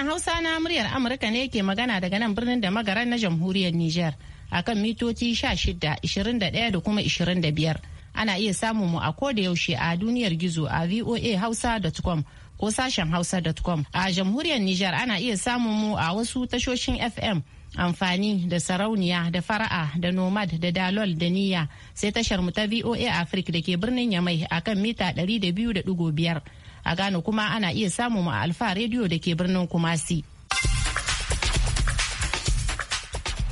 Sashen Hausa na muryar Amurka ne ke magana daga nan birnin da magaran na jamhuriyar Nijar kan mitoci 16, 21 da kuma 25. Ana iya samun mu a da yaushe a duniyar gizo a voahausa.com ko sashen hausa.com. A jamhuriyar Nijar ana iya samun mu a wasu tashoshin FM amfani da sarauniya da fara'a da nomad da dalol da niyya sai tashar mu ta VOA Africa da ke birnin Yamai akan mita 200.5. a Gano kuma ana iya samun mu a Alfa rediyo da ke birnin Kumasi.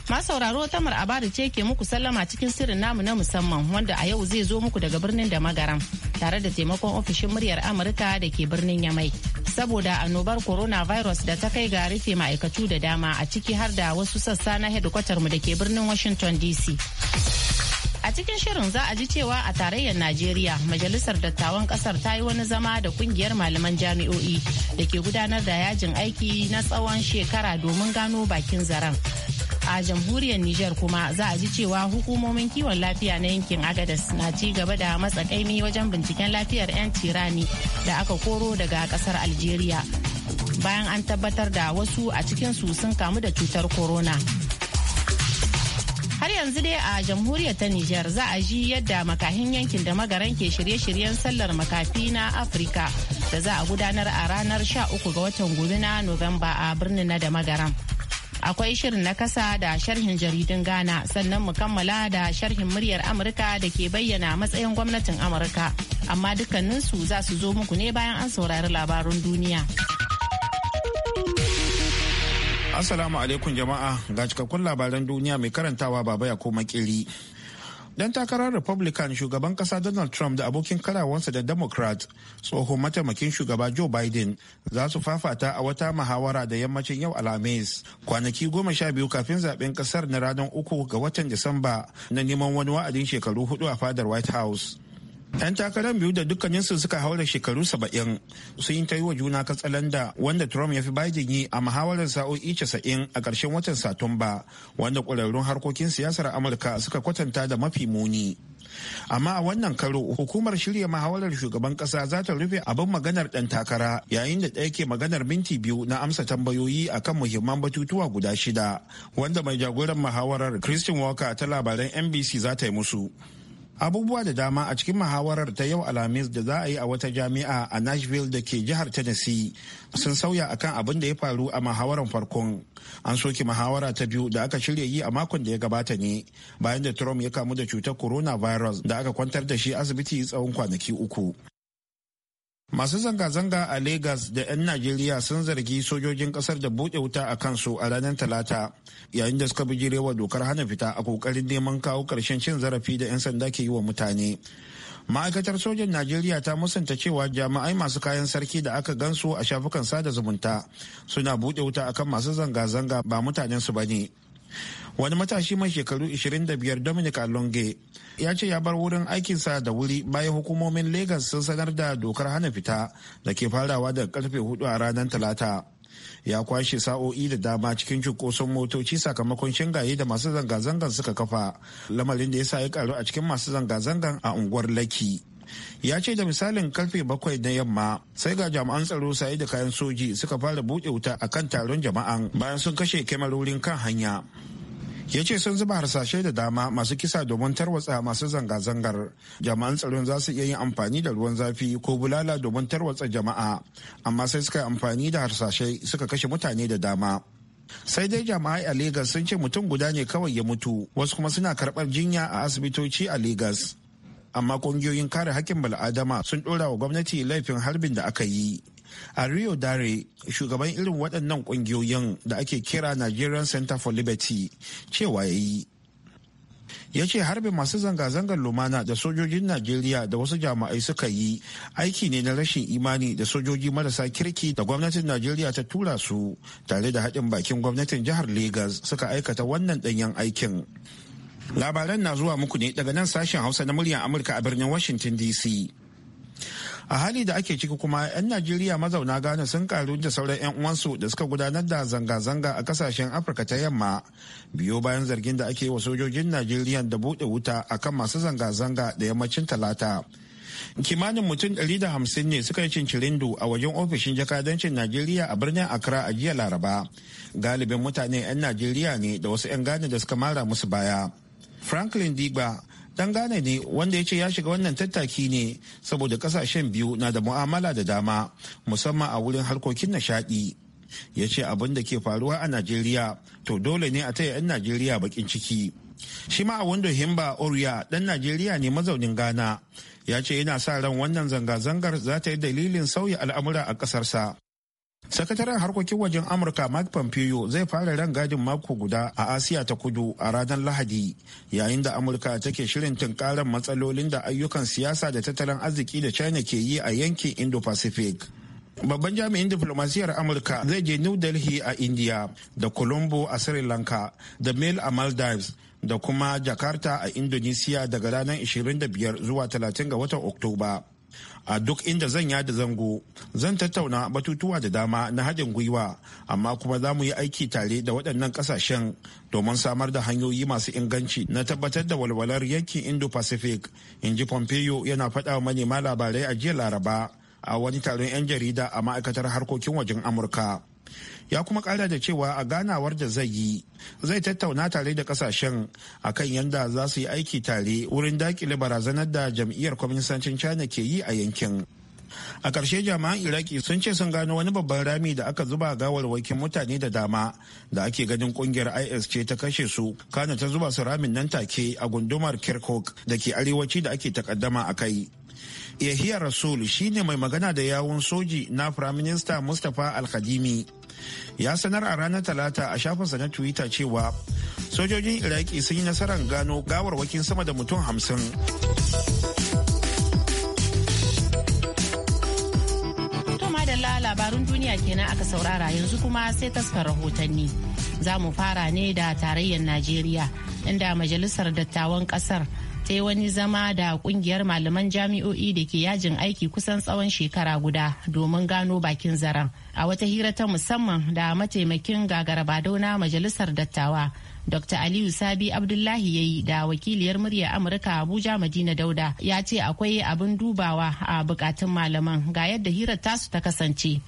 masauraro tamar abari ce ke muku sallama cikin sirrin namu na musamman wanda a yau zai zo muku daga birnin da magaram tare da taimakon ofishin muryar amurka da ke birnin yamai saboda annobar coronavirus da ta kai ga rufe ma'aikatu da dama a ciki har da wasu sassa na hedikwatar mu da ke birnin washington dc cikin shirin za a ji cewa a tarayyar Najeriya majalisar dattawan kasar ta yi wani zama da kungiyar malaman jami'o'i da ke gudanar da yajin aiki na tsawon shekara domin gano bakin zaren. A jamhuriyar Nijar kuma za a ji cewa hukumomin kiwon lafiya na yankin Agadas na ci gaba da matsakaimi wajen binciken lafiyar 'yan tirani da aka koro daga kasar Algeria. Bayan an tabbatar da wasu a cikin su sun kamu da cutar corona. Har yanzu dai a jamhuriyar ta Nijar za a ji yadda makahin yankin da magaran ke shirye-shiryen sallar makafi na Afirka da za a gudanar a ranar 13 ga watan gobe na Nuwamba a birnin na da magaran. Akwai shirin na kasa da sharhin jaridun Ghana sannan mu kammala da sharhin muryar Amurka da ke bayyana matsayin gwamnatin Amurka. Amma dukkaninsu za su zo muku ne bayan an saurari labarun duniya. Assalamu alaikum jama'a ga cikakkun labaran duniya mai karantawa baba ya koma kiri. Dan takarar Republican shugaban kasa Donald Trump da abokin karawansa da Democrat tsohon mataimakin shugaba Joe Biden za su fafata a wata muhawara da yammacin yau Alhamis kwanaki goma sha biyu kafin zaben kasar na ranar uku ga watan Disamba na neman wani wa'adin shekaru hudu a fadar White House. 'yan takarar biyu da dukkaninsu suka haura shekaru saba'in sun yi ta yi wa juna katsalanda wanda trump ya fi biden yi a muhawarar sa'o'i casa'in a ƙarshen watan satumba wanda ƙwararrun harkokin siyasar amurka suka kwatanta da mafi muni amma a wannan karo hukumar shirya muhawarar shugaban ƙasa za ta rufe abin maganar ɗan takara yayin da ɗaya ke maganar minti biyu na amsa tambayoyi akan muhimman batutuwa guda shida wanda mai jagoran muhawarar christian walker ta labaran nbc za ta yi musu abubuwa da dama a cikin muhawarar ta yau alhamis da za a yi a wata jami'a a nashville da ke jihar tennessee sun sauya akan abin da ya faru a muhawarar farkon an soke muhawara ta biyu da aka shirya yi a makon da ya gabata ne bayan da trump ya kamu da cutar coronavirus da aka kwantar da shi asibiti tsawon kwanaki uku Masu zanga-zanga a Legas da 'yan Najeriya sun zargi sojojin kasar da buɗe wuta a kansu a ranar Talata yayin da suka bijirewa dokar hana fita a kokarin neman kawo ƙarshen cin zarafi da 'yan sanda ke yi wa mutane. Ma'aikatar sojan Najeriya ta musanta cewa jami'ai masu kayan sarki da aka gansu a shafukan sada zumunta suna buɗe wuta akan masu zanga-zanga ba mutanensu ba ne. wani matashi mai shekaru 25 dominic alonge ya ce ya bar wurin aikinsa da wuri bayan hukumomin legas sun sanar da dokar hana fita da ke farawa daga karfe 4 a ranar talata ya kwashe sa'o'i da dama cikin cunkoson motoci sakamakon shingaye da masu zanga zangan suka kafa lamarin da ya sa ya karu a cikin masu zanga zangan a unguwar laki ya ce da misalin karfe bakwai na yamma sai ga jami'an tsaro saye da kayan soji suka fara buɗe wuta a kan taron jama'an bayan sun kashe kyamarorin kan hanya ya ce sun zuba harsashe da dama masu kisa domin tarwatsa masu zanga-zangar jama'an tsaron za su iya yin amfani da ruwan zafi ko bulala domin tarwatsa jama'a amma sai suka yi amfani da harsashe suka kashe mutane da dama sai dai jama'ai a Legas sun ce mutum guda ne kawai ya mutu wasu kuma suna karɓar jinya a asibitoci a Legas. amma kungiyoyin kare hakkin bal'adama sun ɗora wa gwamnati laifin harbin da aka yi a rio dare shugaban irin waɗannan kungiyoyin da ake kira nigerian center for liberty cewa ya yi ya ce harbin masu zanga-zangar lumana da sojojin najeriya da wasu jama'ai suka yi aiki ne na rashin imani da sojoji marasa kirki da gwamnatin najeriya ta tura su tare da haɗin bakin gwamnatin jihar Legas suka aikata wannan ɗanyen aikin Labaran na zuwa muku ne daga nan sashen Hausa na muryar Amurka a birnin Washington DC. a hali da ake ciki kuma 'yan najeriya mazauna ghana sun karu da sauran 'yan uwansu da suka gudanar da zanga-zanga a kasashen afirka ta yamma biyo bayan zargin da ake wa sojojin najeriya da buɗe wuta akan masu zanga-zanga da yammacin talata kimanin mutum da hamsin ne suka yi cincirindu a wajen ofishin jakadancin najeriya a birnin accra a jiya laraba galibin mutane 'yan najeriya ne da wasu 'yan ghana da suka mara musu baya franklin diba dan gane ne wanda ya ce ya shiga wannan tattaki ne saboda kasashen biyu na da mu'amala da dama musamman a wurin harkokin nishadi ya ce abin da ke faruwa a najeriya to dole ne a taya 'yan najeriya bakin ciki shi ma a wando himba oriya dan najeriya ne mazaunin ghana ya ce yana sa ran wannan zanga-zangar za ta yi dalilin sauya al'amura a ƙasarsa Sakataren harkokin wajen Amurka Mike Pompeo zai fara rangadin mako guda a Asiya ta kudu a ranar Lahadi yayin da Amurka take shirin tunkarar matsalolin da ayyukan siyasa da tattalin arziki da China ke yi a yankin Indo-Pacific. Babban jami'in diplomasiyyar Amurka zai je New Delhi a India da Colombo a Sri Lanka da Mel a Maldives da kuma Jakarta a Indonesia daga ranar 25 zuwa 30 ga watan Oktoba. a duk inda zan yada zango zan tattauna batutuwa da dama na haɗin gwiwa amma kuma za mu yi aiki tare da waɗannan ƙasashen domin samar da hanyoyi masu inganci na tabbatar da walwalar yankin indo-pacific in ji pompeo yana faɗa manema labarai a jiya laraba a wani taron 'yan jarida a ma'aikatar harkokin wajen amurka ya kuma kara da cewa a ganawar da zai yi zai tattauna tare da kasashen akan yadda za su yi aiki tare wurin dakile barazanar da jam'iyyar kwaminisancin china ke yi a yankin a ƙarshe jami'an iraki sun ce sun gano wani babban rami da aka zuba gawarwakin mutane da dama da ake ganin kungiyar is ce ta kashe su kana ta zuba su ramin nan take a gundumar kirkuk da ke arewaci da ake takaddama a kai yahiya rasul shine mai magana da yawun soji na firaminista mustapha al ya sanar a ranar talata a shafinsa na twitter cewa sojojin iraki sun yi nasarar gano gawarwakin sama da mutum hamsin labarun duniya kenan aka saurara yanzu kuma sai taskar rahotanni za mu fara ne da tarayyar najeriya inda majalisar dattawan kasar ta yi wani zama da kungiyar malaman jami'o'i da ke yajin aiki kusan tsawon shekara guda domin gano bakin zaren a wata hira ta musamman da mataimakin gagara na majalisar dattawa dr aliyu sabi abdullahi yayi da wakiliyar murya amurka abuja madina dauda ya ce akwai abin dubawa a bukatun malaman ga yadda hirar tasu ta kasance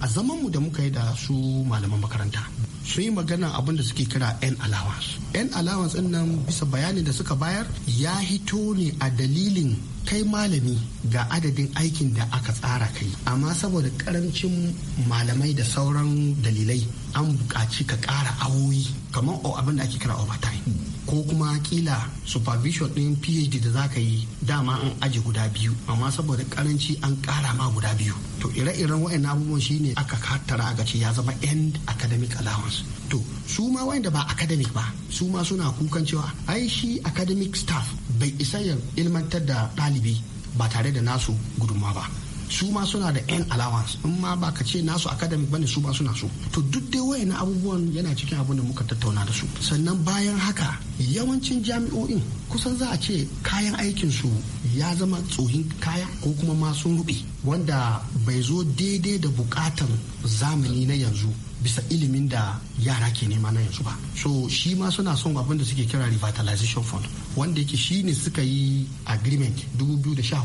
a mu da muka yi da su malaman makaranta sun yi magana abin da suke kira yan allowance yan allowance din nan bisa bayanin da suka bayar ya hito ne a dalilin kai malami ga adadin aikin da aka tsara kai amma saboda karancin malamai da sauran dalilai an buƙaci ka ƙara awoyi kamar abin da ake kira overtime ko kuma kila supervision din phd da za ka yi dama an aji guda biyu amma saboda karanci an kara ma guda biyu to ire-iren wa'in abubuwan shine aka katara a gaci ya zama end academic allowance to su ma ba academic ba su ma suna kukan cewa ai shi academic staff bai isa ya ilmantar da ɗalibi ba tare da nasu gudunmawa ba su ma suna da yan allowance in ma ba ka ce nasu ba bane su ma suna so to duk dai na abubuwan yana cikin abin da muka tattauna da su sannan bayan haka yawancin jami'o'in kusan za a ce kayan aikin su ya zama tsohin kaya ko kuma masu sun wanda bai zo daidai da bukatan zamani na yanzu bisa ilimin da yara ke nema na yanzu ba so shi ma suna son abin da suke kira revitalization fund wanda yake shi ne suka yi agreement 2014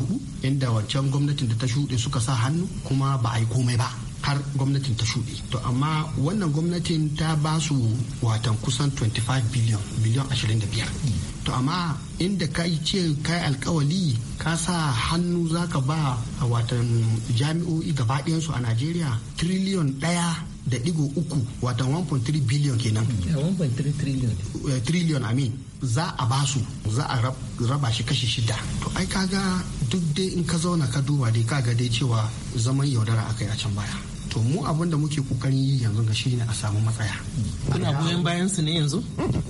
inda wancan gwamnatin da ta shuɗe suka sa hannu kuma ba a yi komai ba har gwamnatin ta shuɗe to amma wannan gwamnatin ta ba su watan kusan 25 biliyan biliyan 25 to amma inda ka yi ce kai alkawali ka sa hannu zaka ba watan jami'o'i gaba a najeriya triliyon ɗaya da digo uku watan 1.3 biliyon kenan 1.3 trillion eh, trillion amin za a basu za a raba shi kashi shida to ai kaga duk dai in ka zauna ka duba dai kaga dai cewa zaman yaudara akai a can baya to mu abin da muke kokarin yi yanzu ga ne a samu matsaya kuna goyon bayan su ne yanzu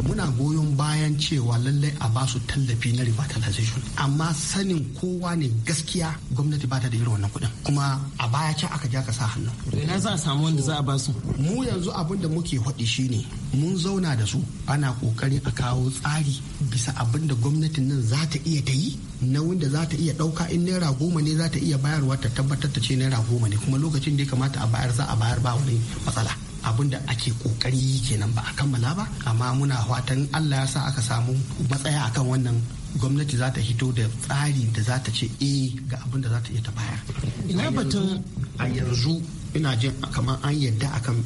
muna goyon bayan cewa lallai a basu tallafi na revitalization amma sanin kowa ne gaskiya gwamnati ba ta da irin wannan kuɗin kuma a baya can aka ja ka sa hannu ina za a samu wanda za a basu mu yanzu abin da muke faɗi ne mun zauna da su ana kokari a kawo tsari bisa abin da gwamnatin nan za ta iya ta yi nauyin da za ta iya ɗauka in naira goma ne za ta iya bayarwa ta tabbatar ta ce naira goma ne kuma lokacin da ya kamata a bayar za a bayar ba wani matsala abin da ake kokari kenan ba a kammala ba amma muna fatan allah ya sa aka samu matsaya akan wannan gwamnati za ta hito da tsari da za ta ce eh ga abin da za ta iya ta bayar ina batun a yanzu ina jin kamar an yadda akan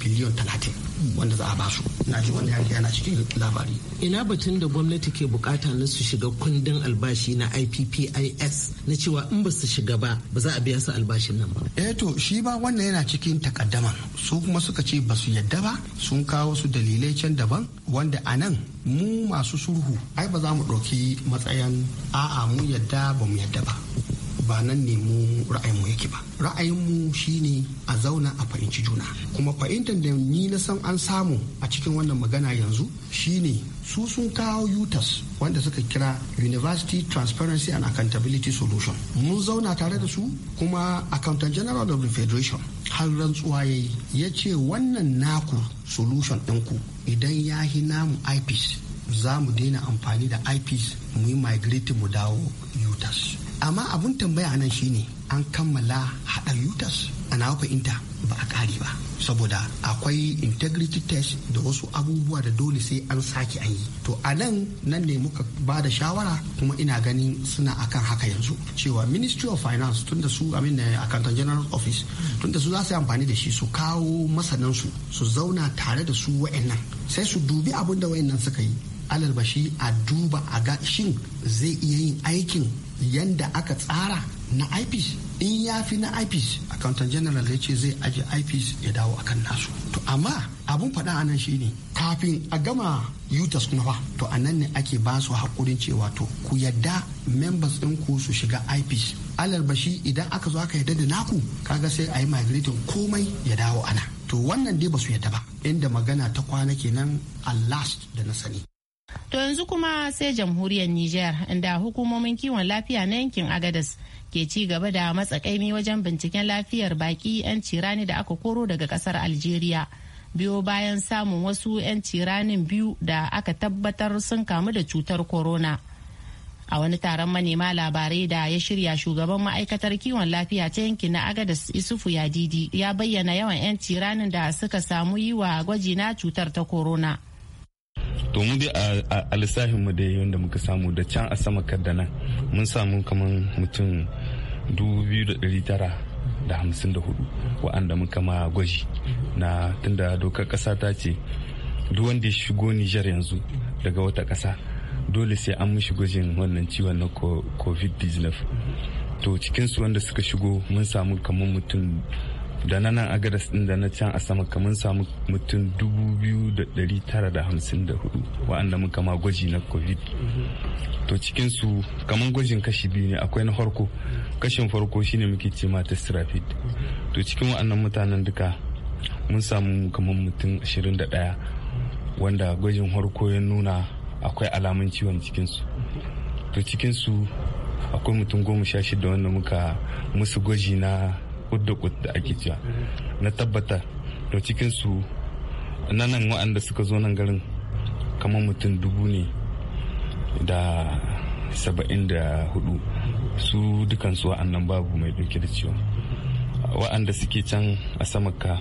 biliyon talatin wanda za a basu na ji wani yanki yana cikin labari ina batun da gwamnati ke bukata na su shiga kundin albashi na ippis na cewa in ba su shiga ba ba za a biya su albashin nan ba eh to shi ba wannan yana cikin takaddama su kuma suka ce ba su yadda ba sun kawo su dalilai can daban wanda a nan mu masu sulhu ai ba za mu ɗauki matsayin a'a mu yadda ba mu yadda ba ba nan ne mu ra'ayinmu yake ba ra'ayinmu shine a zauna a fahimci juna kuma fahimtar da ni na san an samu a cikin wannan magana yanzu shine su sun kawo utas wanda suka kira university transparency and accountability solution mun zauna tare da su kuma accountant general of the federation har rantsuwa ya ce wannan naku solution ɗinku idan ya hi namu ipis za mu daina amfani da IPs mu yi migrating mu dawo UTAS. Amma abun tambaya nan shine an kammala haɗa UTAS a na inta ba a ƙari ba. Saboda akwai integrity test da wasu abubuwa da dole sai an sake an yi. To a nan nan ne muka ba da shawara kuma ina ganin suna akan haka yanzu. Cewa Ministry of Finance tun da su amin eh, Accountant General Office tun da su za su yi amfani da shi su kawo masanansu su zauna tare da su wa'annan sai su dubi abin da wa'annan suka yi alal a duba a ga shin zai iya yin aikin yanda aka tsara na IPs in ya fi na IPs accountant general ya ce zai aje IPs ya dawo kan nasu to amma abun faɗa a nan shine kafin a gama utas kuma fa to a nan ne ake ba su haƙurin cewa to ku yadda members ɗin ku su shiga IPs alal idan aka zo aka yadda da naku kaga sai a yi migrating komai ya dawo ana to wannan dai ba su yadda ba inda magana ta kwana kenan a last da na sani To yanzu kuma sai jamhuriyar Nijar inda hukumomin kiwon lafiya na yankin Agadas ke ci gaba da matsakaimi wajen binciken lafiyar baki 'yan cirani da aka koro daga kasar Algeria. Biyo bayan samun wasu 'yan ciranin biyu da aka tabbatar sun kamu da cutar corona. A wani taron manema labarai da ya shirya shugaban ma'aikatar kiwon lafiya ta yankin na Agadas Isufu Yadidi ya bayyana yawan 'yan ciranin da suka samu yi wa gwaji na cutar ta corona. to mu dai a lissafin mu dai wanda muka samu da can a sama kadda nan mun samu kaman mutum da hamsin da hudu wa'anda muka ma gwaji na tunda dokar kasa ta ce duk wanda ya shigo Nijar yanzu daga wata kasa dole sai an mishi gwajin wannan ciwon na covid-19 to cikinsu wanda suka shigo mun samu kamar mutum da na nan agadas din da na can a sama kamar samu mutum 2,954 wa'anda muka ma gwaji na covid to cikinsu kamar gwajin kashi biyu ne akwai na farko kashin farko shine muke ce ma test rapid to cikin wa'annan mutanen duka mun samu kamar mutum 21 wanda gwajin farko ya nuna akwai alamun ciwon cikinsu to cikinsu akwai mutum goma sha shida wanda muka musu gwaji na kudda da ake cewa na tabbata da cikin su nanan waɗanda suka zo nan garin kamar mutum dubu ne da saba'in da hudu su dukansu wa'annan babu mai ɗauke da ciwon wa'anda suke can a samaka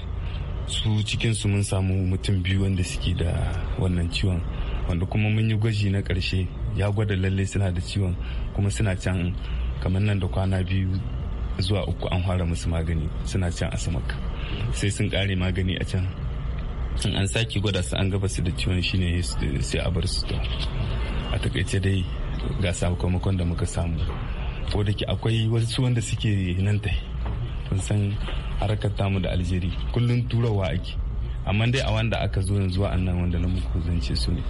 su cikinsu mun samu mutum biyu wanda suke da wannan ciwon wanda kuma mun yi gwaji na ƙarshe ya gwada lalle suna da ciwon kuma suna can kamar nan da kwana biyu zuwa uku an fara musu magani suna can asamaka sai sun kare magani a can in an sake gwada su an gaba su da ciwon shine sai a bar su to a takaice dai ga sakamakon da muka samu ko da ke akwai wasu wanda suke nan ta kun san harkar tamu da aljeri kullum turawa ake amma dai a wanda aka zo yanzu a nan wanda na muku zance su ne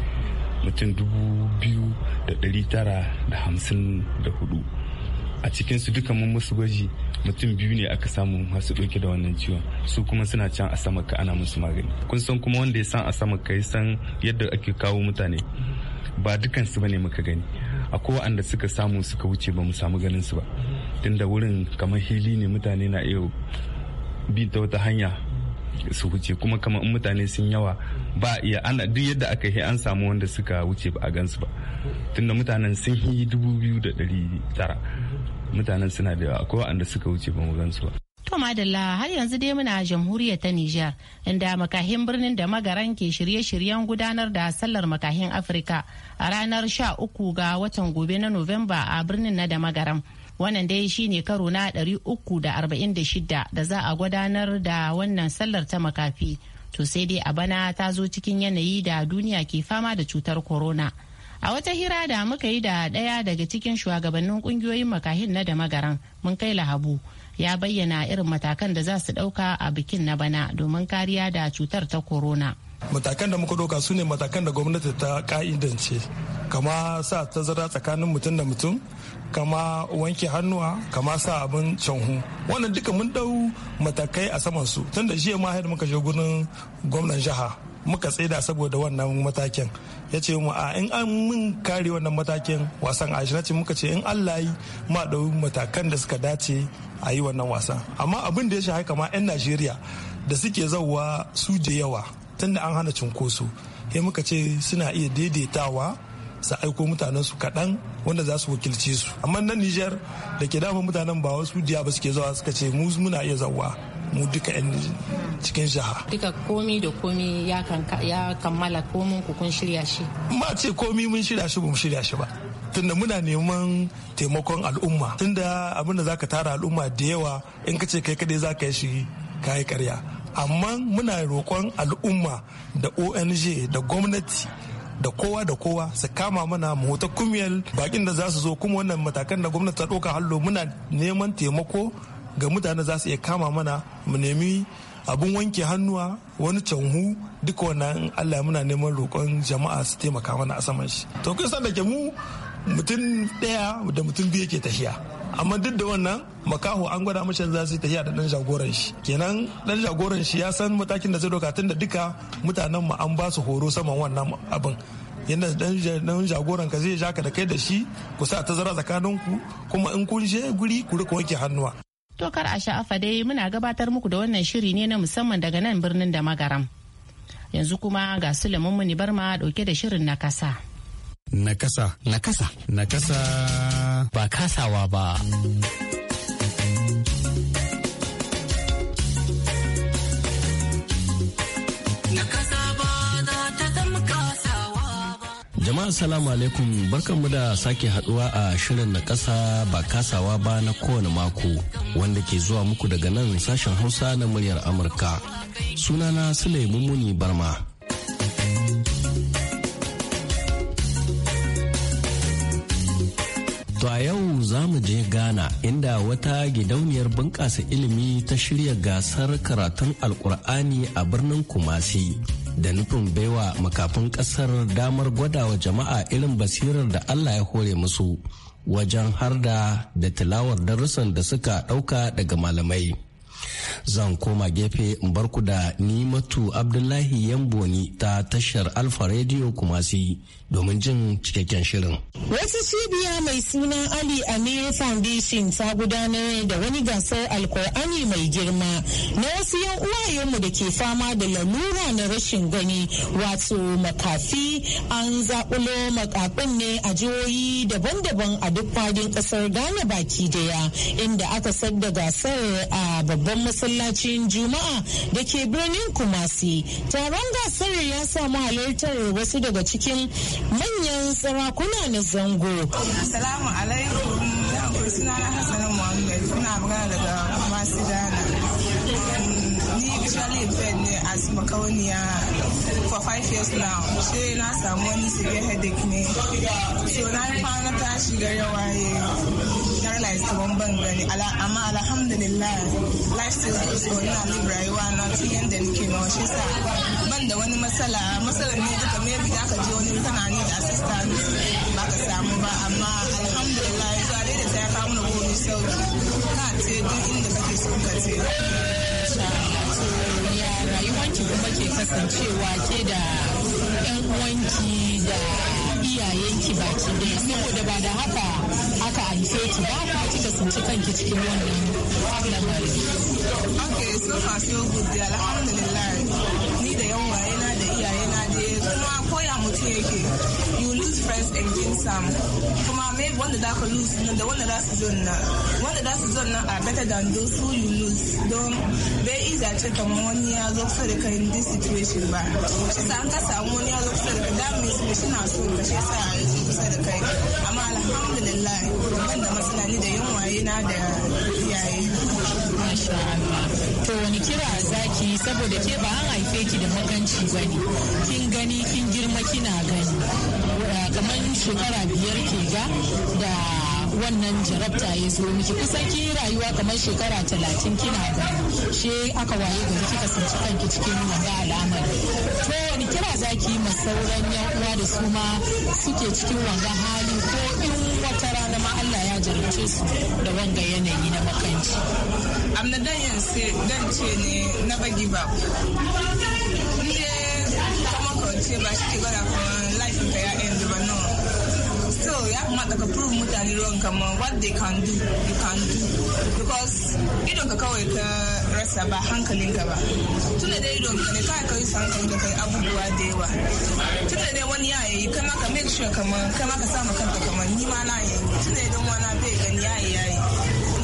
mutum dubu biyu da dari tara da hamsin da hudu a cikin su duka mun musu gwaji mutum biyu ne aka samu masu ɗauke da wannan ciwon su kuma suna can a sama ka ana musu magani kun san kuma wanda ya san a sama ka san yadda ake kawo mutane ba su bane muka gani akwai waɗanda suka samu suka wuce ba mu samu ganin su ba tunda wurin kamar hili ne mutane na iya bi ta wata hanya su wuce kuma kamar in mutane sun yawa ba iya ana duk yadda aka yi an samu wanda suka wuce ba a gansu ba tunda mutanen sun yi dubu biyu da dari tara mutanen suna da yawa akwai waɗanda suka wuce ba mu gan su ba To Madalla har yanzu dai muna jamhuriyar ta Nijar inda makahin birnin da magaran ke shirye-shiryen gudanar da sallar makahin Afirka a ranar sha uku ga watan gobe na Nuwamba a birnin na da magaran. Wannan dai shine karo na 346 da za a gudanar da wannan sallar ta makafi. To sai dai a bana ta zo cikin yanayi da duniya ke fama da cutar corona. A wata hira da muka yi da ɗaya daga cikin shugabannin kungiyoyin makahin na da magaran mun kai lahabu ya bayyana irin matakan da za su ɗauka a bikin na bana domin kariya da cutar ta corona. matakan da muka ɗauka su ne matakan da gwamnati ta ka'idance kama sa tazara tsakanin mutum da mutum kama wanke hannuwa kama sa abin canhu wannan duka mun dau matakai a saman su tun da jiya ma da muka je gurin gwamnan jiha muka tsaida saboda wannan matakin ya ce mu a in an mun kare wannan matakin wasan a ce muka ce in allah yi ma ɗau matakan da suka dace a yi wannan wasan amma abin da ya shahara kama 'yan najeriya da suke zauwa su je yawa tunda an hana cunkoso ya muka ce suna iya daidaitawa su aiko mutanen su kaɗan wanda za su wakilce su amma nan nijar da ke dama mutanen ba wasu jiya ba suke zawa suka ce mu muna iya zauwa. mu duka 'yan cikin jiha. Duka komi da komi ya kammala komin ku kun shirya shi. Ma ce komi mun shirya shi ba mu shirya shi ba. tunda muna neman taimakon al'umma tunda abinda za ka tara al'umma da yawa in ka ce kai kadai za ka yi shi ka yi karya amma muna roƙon al'umma da ong da gwamnati da kowa da kowa su kama mana mu kumiyar bakin da za su zo kuma wannan matakan da gwamnati ta ɗauka hallo muna neman taimako ga mutane za su iya kama mana mu nemi abin wanke hannuwa wani canhu duka wannan allah muna neman roƙon jama'a su taimaka mana a saman shi to kun san da ke mu mutum ɗaya da mutum biyu ke tafiya amma duk da wannan makaho an gwada mashi za su tafiya da dan jagoran shi kenan dan jagoran shi ya san matakin da zai doka tun da duka mutanen mu an ba su horo saman wannan abin yadda dan jagoran ka zai ja ka da kai da shi ku sa tazara tsakaninku kuma in kun je guri ku rika wanke hannuwa To kar a sha'afa dai muna gabatar muku da wannan shiri ne na musamman daga nan birnin da magaram. Yanzu kuma ga Sulaiman Muni Barma dauke da shirin na kasa. Na kasa. Na kasa. Na kasa. Ba kasawa ba. Jama'a salamu alaikum barkanmu da sake haduwa a shirin na kasa ba kasawa ba na kowane mako wanda ke zuwa muku daga nan sashen hausa na muryar Amurka. Sunana Sule Mummuni Barma. To a yau za mu je Ghana inda wata gidauniyar bunƙasa ilimi ta shirya gasar karatun Alƙur'ani a birnin Kumasi. da nufin baiwa makafin ƙasar damar gwadawa jama'a irin basirar da Allah ya hore musu wajen harda da tilawar darussan da suka ɗauka daga malamai. zan koma gefe in barku da nimatu abdullahi yamboni ta tashar alfa radio kumasi domin jin cikakken shirin wasu cibiya mai suna ali amir foundation ta gudanar da wani gasar alkur'ani mai girma na wasu yan uwayenmu da ke fama da lalura na rashin gani wato makafi an zakulo makafin ne a jihohi daban-daban a duk fadin ƙasar ghana baki daya inda aka sadda gasar a babban masarauta. masallacin juma'a da ke birnin kumasi taron gasar ya samu halartar wasu daga cikin manyan sarakuna na zango assalamu alaikum sunana hassanin muhammad suna magana daga masu dana Ni usually bed ne as makawaniya for five years now. She na samu wani severe headache ne. So na yi kwana tashi gari waye. Paralyzed kamar ban gani. Amma alhamdulillah life still goes on na ni rayuwa na tun da nike ma wasu sa ban da wani matsala matsalar ne duka me bi ka je wani na ne da assistance ba ka samu ba amma alhamdulillah yanzu a da ta ya kawo na komai sauki ka ce duk inda kake so ka ce. takan cewa ke da yan uwanki da iyayenki baki ɗaya saboda ba da haka aka haife ki ba ka da tsinci kanki cikin wannan lamari. Okay, so far so good, alhamdulillah. Ni da yan wayena da iyayena dai kuma koya mutum yake. price and some. Come kuma me wanda da could lose nan da wanda that su done now. wanda za su zo are better than those who you lose don bai easy to kamar wani ya zo kusa in this situation ba shi sa an ka a wani ya zo kusa da kai means me shi not so ka shi sa ya zo kusa da kai amma alhamdulillah ban da matsala a da yunwaye na da iyaye to wani kira zaki saboda ke ba an haife ki da makanci ba ne kin gani kin girma kina gani kamar shekara biyar ke ga da wannan jarabta ya zo miki kusan kin rayuwa kamar shekara talatin kina gani she aka waye gari kika sanci kanki cikin wanda al'amari to wani kira zaki ma sauran yan uwa da su ma suke cikin wanga hali ko in fuskance su da wanga yanayi na makanci amna dan yanse dan ce ne na bagi ba kuma kauce ba shi ke gwada kuma so ya kamata ka prove mutane ruwan kamar what they can do you can do because idon ka kawai ka uh, rasa ba hankalin ka ba tunda dai idon ka ne kai ka yi hankalin ka kai abubuwa da yawa tunda dai wani ya yi kama ka make sure kama kama ka samu kanka kama ni ma na yi tunda idon wani bai gani ya yi ya yi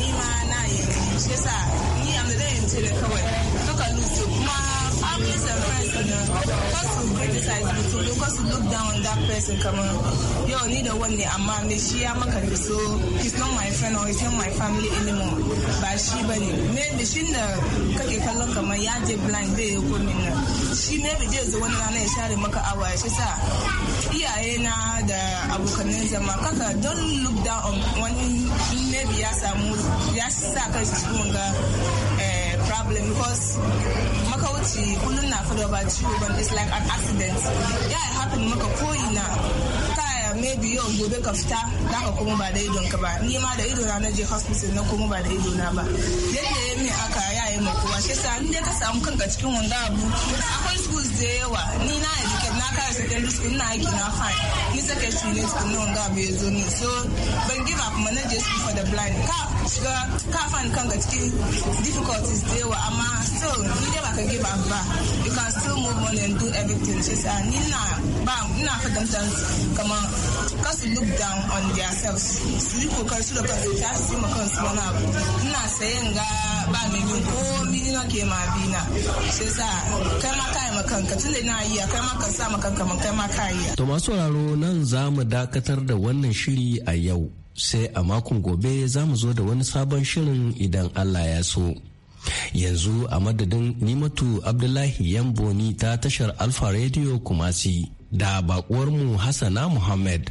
ni ma na yi shi yasa ni am da zai yin kawai su criticize mutum don su look down on that person kamar yau ni da a amma me shi ya maka da so he's not my friend or he's not my family anymore ba shi bane maybe shin da kake kallon kamar ya je blind bai ko min na shi maybe zai zo wani rana ya share maka awa ya sa iyaye na da abokanin zama kaka don look down on wani maybe ya samu ya sa kai cikin ga problem because makauci kullum na fada ba ciwo ban it's like an accident ya yeah, happen maka ko'ina kaya maybe yau gobe ka fita za ka kuma ba da idon ka ba ni ma da idona na je hospital na kuma ba da idona ba yadda ya min aka ya mai kowa shi in dai ka samu kanka cikin wanda abu akwai schools da yawa ni na educate na kare secondary school ina aiki na fine ni saka shi ne cikin wanda abu ya zo ni so ban give up mana je school for the blind ka shiga ka fan kanka cikin difficulties da yawa amma still ni dai ka give up ba you can still move on and do everything shi ni na ba ina fahimtar kamar su look down on themselves su yi kokari su da kansu ta su yi ma kansu wani abu ina sayan ga ba komi ke ma sai sa kai ma kai ma kanka tunda kai ma kan sa ma kanka kai ma ka iya to masu sauraro nan za mu dakatar da wannan shiri a yau sai a makon gobe za mu zo da wani sabon shirin idan Allah ya so. Yanzu a madadin Nimatu Abdullahi Yamboni ta tashar Alfa Radio Kumasi da bakuwarmu Hassana Muhammad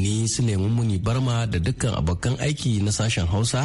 ni Suleiman Muni Barma da dukkan abokan aiki na sashen Hausa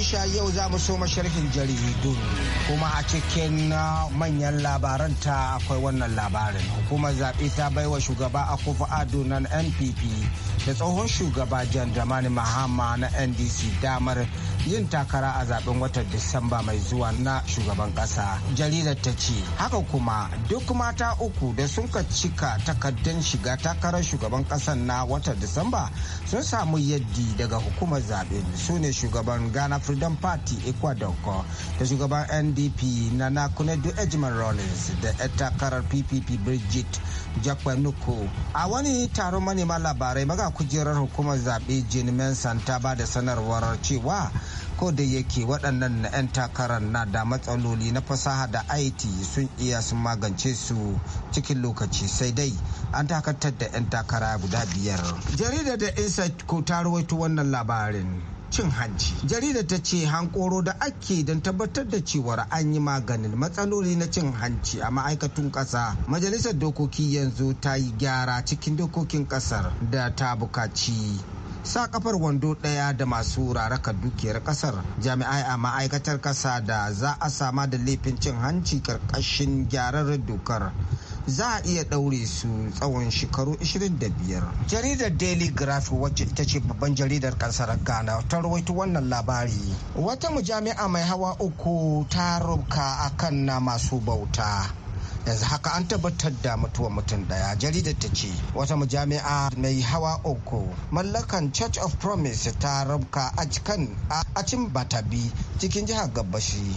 Aisha yau za mu so sharhin jaridun kuma a cikin uh, manyan labaran ta akwai wannan labarin. Hukumar zaɓe ta baiwa shugaba Akufo Addo na NPP da tsohon shugaba john dramani mahama na ndc damar yin takara a zaben watan disamba mai zuwa na shugaban kasa jaridar ta ce haka kuma duk mata uku da sun ka cika takardun shiga takarar shugaban kasan na watan disamba sun samu yaddi daga hukumar zaɓe su ne shugaban ghana freedom party ecuador da shugaban ndp na nakunedu ejman rollins da 'yan takarar ppp bridget jakwanuku a wani taron manema labarai maga kujerar hukumar zaɓe jane ta ba da sanarwar cewa ko da yake waɗannan na 'yan takarar na da matsaloli na fasaha da it sun iya sun magance su cikin lokaci sai dai an takatar da 'yan takara guda biyar jaridar da insight ko ta rawaito wannan labarin cin hanci. Jaridar ta ce hankoro da ake don tabbatar da cewar an yi maganin matsaloli na cin hanci a ma'aikatun ƙasa. Majalisar dokoki yanzu ta yi gyara cikin dokokin ƙasar da ta bukaci sa kafar wando ɗaya da masu raraka dukiyar ƙasar jami'ai a ma'aikatar ƙasa da za a sama da laifin cin hanci ƙarƙashin gyarar dokar za a iya ɗaure su tsawon shekaru 25. Jaridar Daily graph wacce ita ce babban jaridar kasar Ghana ta rawaito wannan labari. Wata mujami'a mai hawa uku ta rubka kan na masu bauta. yanzu haka an tabbatar da mutuwar mutum daya jaridar ta ce wata majami'a mai hawa uku mallakan church of promise ta rabka a cikin acin batabi cikin jihar gabashi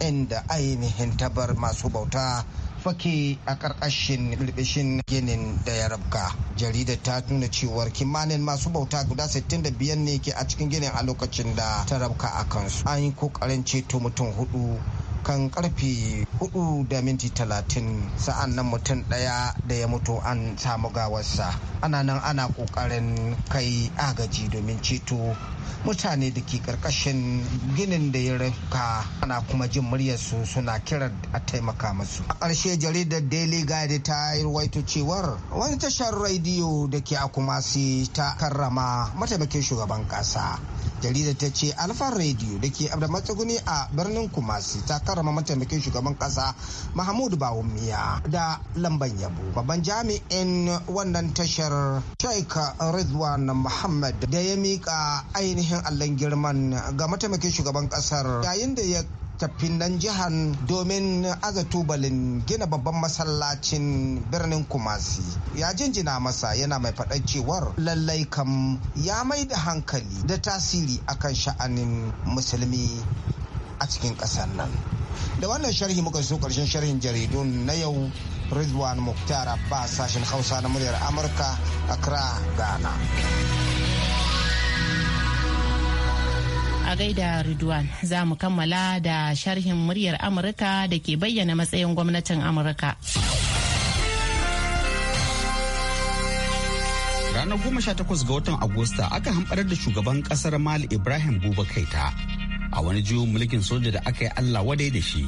inda ainihin tabar masu bauta fake a karkashin bilbishin ginin da ya rabka jaridar ta nuna cewar kimanin masu bauta guda 65 ne ke a cikin ginin a lokacin da ta rabka a kansu an yi kokarin ceto mutum hudu kan karfe hudu da minti talatin sa'an nan mutum ɗaya da ya mutu an samu gawarsa ana nan ana kokarin kai agaji domin ceto mutane da ke ƙarƙashin ginin da ya rafka ana kuma jin muryarsu suna kira a taimaka masu. a ƙarshe jaridar daily guide ta rawaito cewar wani tashar rediyo da ke a kumasi ta karrama mataimakin shugaban ƙasa jaridar ta ce alfa rediyo da ke da matsuguni a birnin kumasi ta karrama mataimakin shugaban kasa mahmud bawumiya da lamban yabo babban jami'in wannan tashar sheikh rizwan muhammad da ya mika ainihin allon girman ga mataimakin shugaban kasar yayin da ya tafi nan jihar domin aza tubalin gina babban masallacin birnin kumasi ya jinjina masa yana mai faɗa cewar lallai kam ya mai da hankali da tasiri akan sha'anin musulmi a cikin kasar nan da wannan sharhi muka so karshen sharhin jaridun na yau ridwan muktar abbas sashen hausa na muryar amurka accra ghana a gaida ridwan za mu kammala da sharhin muryar amurka da ke bayyana matsayin gwamnatin amurka ranar 18 ga watan agusta aka hamɓarar da shugaban ƙasar mali ibrahim buba kaita a wani juyin mulkin soja da aka yi Allah wadai da shi.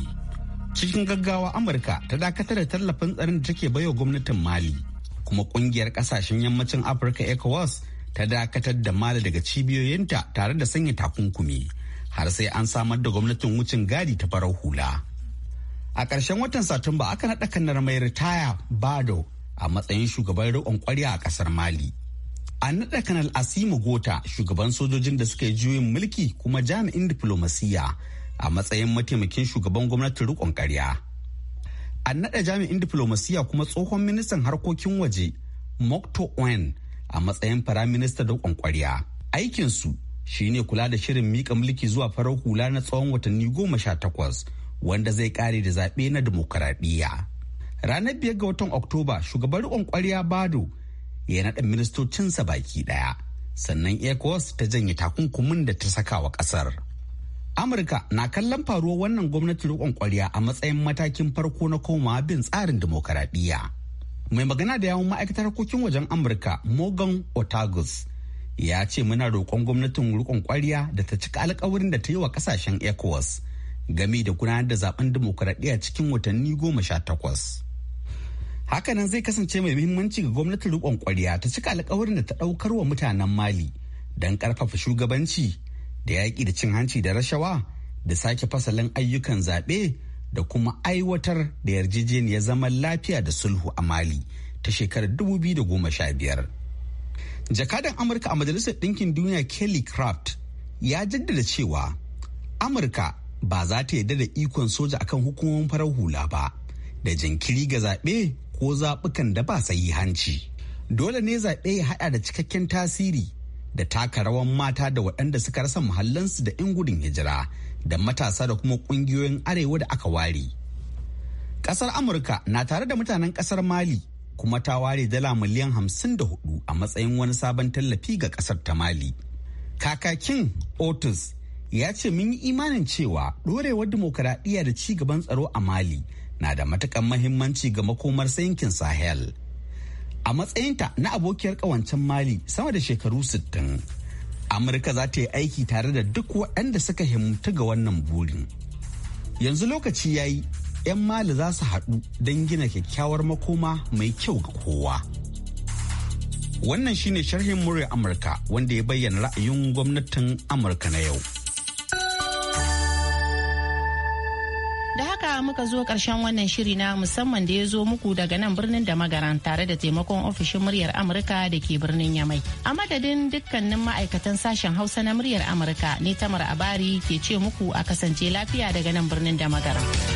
Cikin gaggawa Amurka ta dakatar da tallafin tsarin da take baiwa gwamnatin Mali, kuma kungiyar kasashen yammacin Afirka ECOWAS ta dakatar da Mali daga cibiyoyinta tare da sanya takunkumi, har sai an samar da gwamnatin wucin gadi ta farar hula. A ƙarshen watan Satumba aka naɗa kanar mai ritaya Bado a matsayin shugaban riƙon ƙwarya a ƙasar Mali. a naɗa kanal Asimu gota shugaban sojojin da suka yi juyin mulki kuma jami'in diflomasiyya a matsayin mataimakin shugaban gwamnatin rikon karya a naɗa jami'in diflomasiyya kuma tsohon ministan harkokin waje mokto owen a matsayin firaminista rikon kwarya aikinsu shine kula da shirin mika mulki zuwa farar hula na tsawon watanni goma sha takwas wanda zai kare da zaɓe na dimokuraɗiyya ranar biyar ga watan oktoba shugaban rikon kwarya bado ya naɗa ministocinsa baki ɗaya sannan ecowas ta janye takunkumin da ta saka wa ƙasar amurka na kallon faruwar wannan gwamnatin riƙon kwarya a matsayin matakin farko na koma bin tsarin dimokuraɗiyya mai magana da yawon ma'aikatar harkokin wajen amurka morgan otagus ya ce muna roƙon gwamnatin riƙon kwarya da ta cika alkawarin da ta yi wa ƙasashen ecowas game da gudanar da zaben dimokuraɗiyya cikin watanni goma sha takwas hakanan zai kasance mai muhimmanci ga gwamnatin riƙon ƙwarya ta cika alkawarin da ta ɗaukar wa mutanen mali don ƙarfafa shugabanci da yaƙi da cin hanci da rashawa da sake fasalin ayyukan zaɓe da kuma aiwatar da yarjejeniyar zaman lafiya da sulhu a mali ta shekarar 2015 jakadan amurka a majalisar ɗinkin duniya kelly craft ya jaddada cewa amurka ba za ta yarda da ikon soja akan hukumomin farar hula ba da jinkiri ga zaɓe ko zaɓukan da ba hanci. Dole ne zaɓe ya haɗa da cikakken tasiri da taka rawan mata da waɗanda suka rasa muhallansu da 'yan gudun hijira da matasa da kuma ƙungiyoyin arewa da aka ware. Ƙasar Amurka na tare da mutanen ƙasar Mali kuma ta ware dala miliyan hamsin da hudu a matsayin wani sabon tallafi ga ƙasar ta Mali. Kakakin Otis ya ce mun yi imanin cewa ɗorewar dimokuraɗiyya da ci gaban tsaro a Mali na da matukan mahimmanci ga makomar yankin sahel a matsayinta na abokiyar kawancen mali sama da shekaru 60 amurka za ta yi aiki tare da duk waɗanda suka himta ga wannan burin yanzu lokaci ya yi 'yan mali za su haɗu don gina kyakkyawar makoma mai kyau ga kowa wannan shine sharhin murya amurka wanda ya bayyana ra'ayin gwamnatin amurka na yau haka muka zo karshen wannan shiri na musamman da ya zo muku daga nan birnin da magaran tare da taimakon ofishin muryar Amurka da ke birnin Yamai. A madadin dukkanin ma'aikatan sashen Hausa na muryar Amurka ne Tamar Abari ke ce muku a kasance lafiya daga nan birnin da magaran.